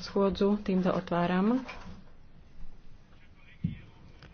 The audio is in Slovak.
Schôdzu týmto otváram.